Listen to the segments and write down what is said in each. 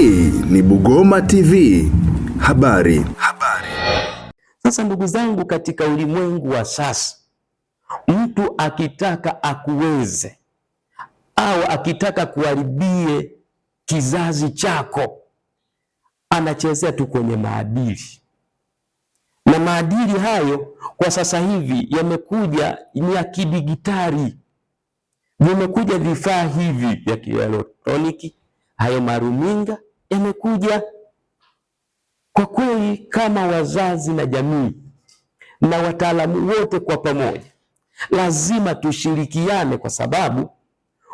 Hii ni Bugoma TV. Habari. Habari. Sasa ndugu zangu, katika ulimwengu wa sasa mtu akitaka akuweze au akitaka kuharibie kizazi chako anachezea tu kwenye maadili, na maadili hayo kwa sasa hivi yamekuja ni ya kidigitali, vimekuja vifaa hivi vya kielektroniki, hayo maruminga yamekuja kwa kweli, kama wazazi na jamii na wataalamu wote kwa pamoja, lazima tushirikiane, kwa sababu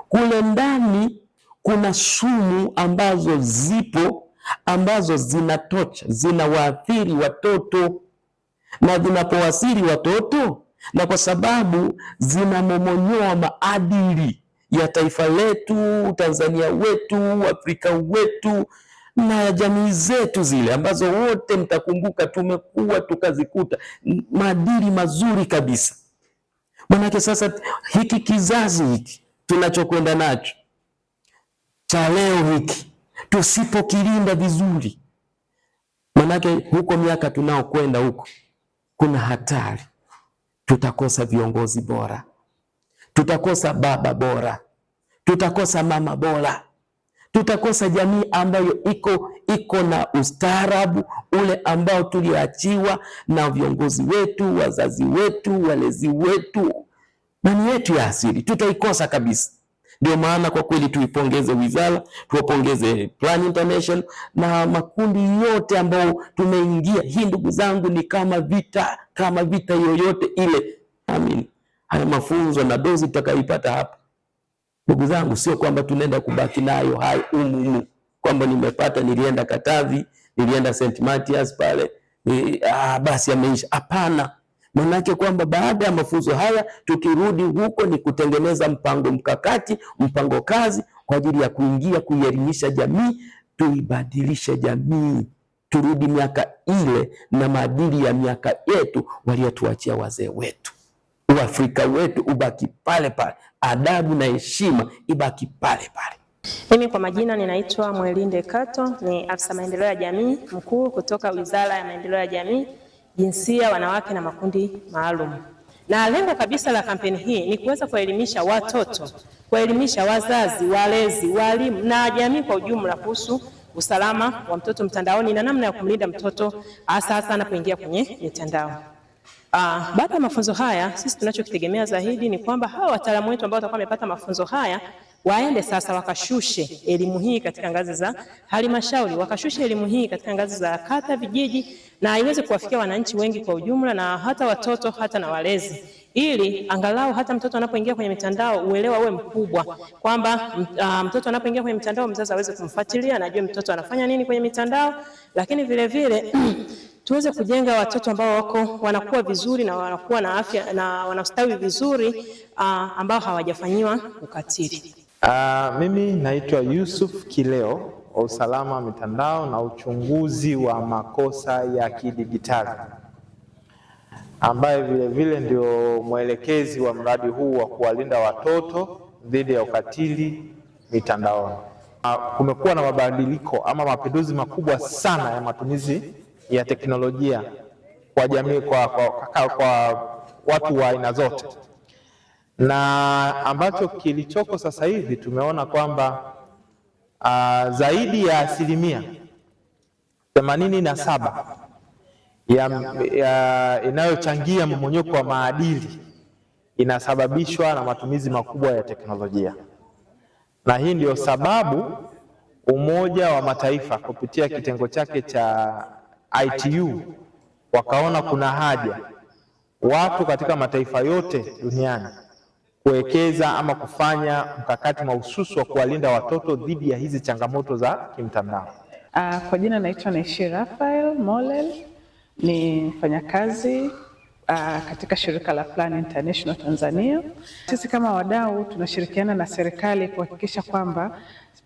kule ndani kuna sumu ambazo zipo ambazo zinatocha zinawaathiri watoto na zinapowaathiri watoto, na kwa sababu zinamomonyoa maadili ya taifa letu, Tanzania wetu, Afrika wetu na jamii zetu zile ambazo wote mtakumbuka tumekuwa tukazikuta maadili mazuri kabisa. Manake sasa hiki kizazi hiki tunachokwenda nacho cha leo hiki tusipokilinda vizuri, manake huko miaka tunaokwenda huko kuna hatari, tutakosa viongozi bora, tutakosa baba bora, tutakosa mama bora tutakosa jamii ambayo iko iko na ustaarabu ule ambao tulioachiwa na viongozi wetu, wazazi wetu, walezi wetu, nani yetu ya asili tutaikosa kabisa. Ndio maana kwa kweli tuipongeze wizara, tuwapongeze Plan International na makundi yote ambayo tumeingia. Hii ndugu zangu, ni kama vita, kama vita yoyote ile. Amin, haya mafunzo na dozi tutakayoipata hapa Ndugu zangu, sio kwamba tunaenda kubaki nayo hai umu umu, kwamba nimepata, nilienda Katavi, nilienda St. Matthias pale ni, ah, basi ameisha. Hapana, maanake kwamba baada ya mafunzo haya tukirudi huko ni kutengeneza mpango mkakati, mpango kazi kwa ajili ya kuingia kuielimisha jamii, tuibadilishe jamii, turudi miaka ile na maadili ya miaka yetu waliotuachia wazee wetu. Uafrika wetu ubaki pale pale, adabu na heshima ibaki pale pale. Mimi kwa majina ninaitwa Mwelinde Kato, ni afisa maendeleo ya jamii mkuu kutoka Wizara ya Maendeleo ya Jamii, Jinsia, Wanawake na Makundi Maalum. Na lengo kabisa la kampeni hii ni kuweza kuelimisha watoto, kuelimisha wazazi, walezi, walimu na jamii kwa ujumla kuhusu usalama wa mtoto mtandaoni na namna ya kumlinda mtoto hasa hasa anapoingia kwenye mitandao. Uh, baada ya mafunzo haya sisi tunachokitegemea zaidi ni kwamba hawa wataalamu wetu ambao watakuwa wamepata mafunzo haya waende sasa wakashushe elimu hii katika ngazi za halmashauri, wakashushe elimu hii katika ngazi za kata, vijiji, na iweze kuwafikia wananchi wengi kwa ujumla, na hata watoto hata na walezi, ili angalau hata mtoto anapoingia kwenye mitandao uelewa uwe mkubwa kwamba uh, mtoto anapoingia kwenye mitandao mzazi aweze kumfuatilia, ajue mtoto anafanya nini kwenye mitandao, lakini vilevile vile, tuweze kujenga watoto ambao wako wanakuwa vizuri na wanakuwa na afya na wanastawi vizuri uh, ambao hawajafanyiwa ukatili. Uh, mimi naitwa Yusuf Kileo wa usalama mitandao na uchunguzi wa makosa ya kidijitali ambaye vile vile ndio mwelekezi wa mradi huu wa kuwalinda watoto dhidi ya ukatili mitandaoni. Ah, kumekuwa na mabadiliko ama mapinduzi makubwa sana ya matumizi ya teknolojia kwa jamii kwa, kwa, kwa, kwa watu wa aina zote, na ambacho kilichoko sasa hivi tumeona kwamba uh, zaidi ya asilimia themanini na saba ya, ya inayochangia mmonyoko wa maadili inasababishwa na matumizi makubwa ya teknolojia, na hii ndio sababu Umoja wa Mataifa kupitia kitengo chake cha ITU wakaona kuna haja watu katika mataifa yote duniani kuwekeza ama kufanya mkakati mahususi wa kuwalinda watoto dhidi ya hizi changamoto za kimtandao. Uh, kwa jina naitwa Naishi Rafael Molel, ni mfanyakazi uh, katika shirika la Plan International Tanzania. Sisi kama wadau tunashirikiana na serikali kuhakikisha kwamba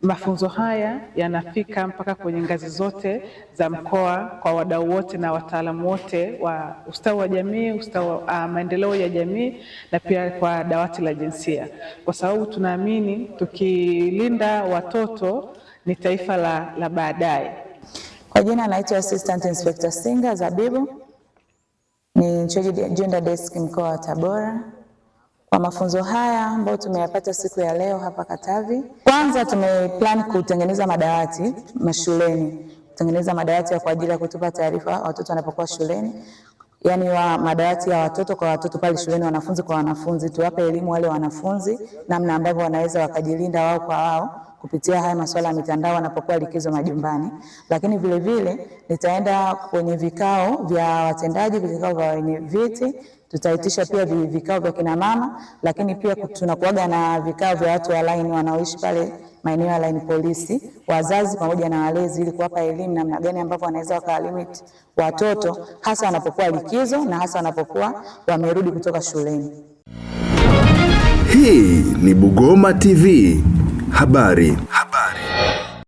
Mafunzo haya yanafika mpaka kwenye ngazi zote za mkoa kwa wadau wote na wataalamu wote wa ustawi wa jamii, ustawi wa ah, maendeleo ya jamii na pia kwa dawati la jinsia, kwa sababu tunaamini tukilinda watoto ni taifa la, la baadaye. Kwa jina naitwa Assistant Inspector Singa Zabibu, ni Gender Desk mkoa wa Tabora kwa mafunzo haya ambayo tumeyapata siku ya leo hapa Katavi. Kwanza tumeplan kutengeneza madawati mashuleni, kutengeneza madawati ya kwa ajili ya kutupa taarifa watoto wanapokuwa shuleni, yaani wa madawati ya watoto kwa watoto pale shuleni, wanafunzi kwa wanafunzi, tuwape elimu wale wanafunzi namna ambavyo wanaweza wakajilinda wao kwa wao kupitia haya masuala ya mitandao wanapokuwa likizo majumbani. Lakini vilevile nitaenda kwenye vikao vya watendaji, vikao vya wenye viti Tutaitisha pia vikao vya kina mama, lakini pia tunakuaga na vikao vya watu wa laini wanaoishi pale maeneo ya laini polisi, wazazi pamoja na walezi, ili kuwapa elimu namna gani ambavyo wanaweza wakalimit watoto hasa wanapokuwa likizo na hasa wanapokuwa wamerudi kutoka shuleni. Hii ni Bugoma TV habari.